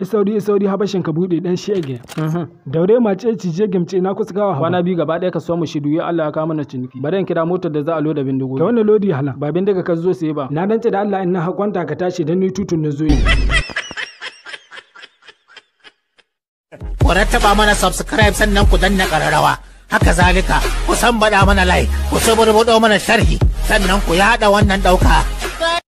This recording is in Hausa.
Isauri isauri habashin ka buɗe dan shege. Daure ci cije gimce na kusa gawa Kwana biyu gaba ɗaya ka so mu shidu ya Allah ya kawo mana ciniki. Bari in kira motar da za a loda bindigo. Ka wannan lodi hala. Ba bindiga ka zo sai ba. Na dance da Allah in na hakwanta ka tashi dan ni tutun na zo Ku rattaba mana subscribe sannan ku danna ƙararrawa. Haka zalika ku san bada mana like ku saburbuɗo mana sharhi sannan ku yaɗa wannan ɗauka.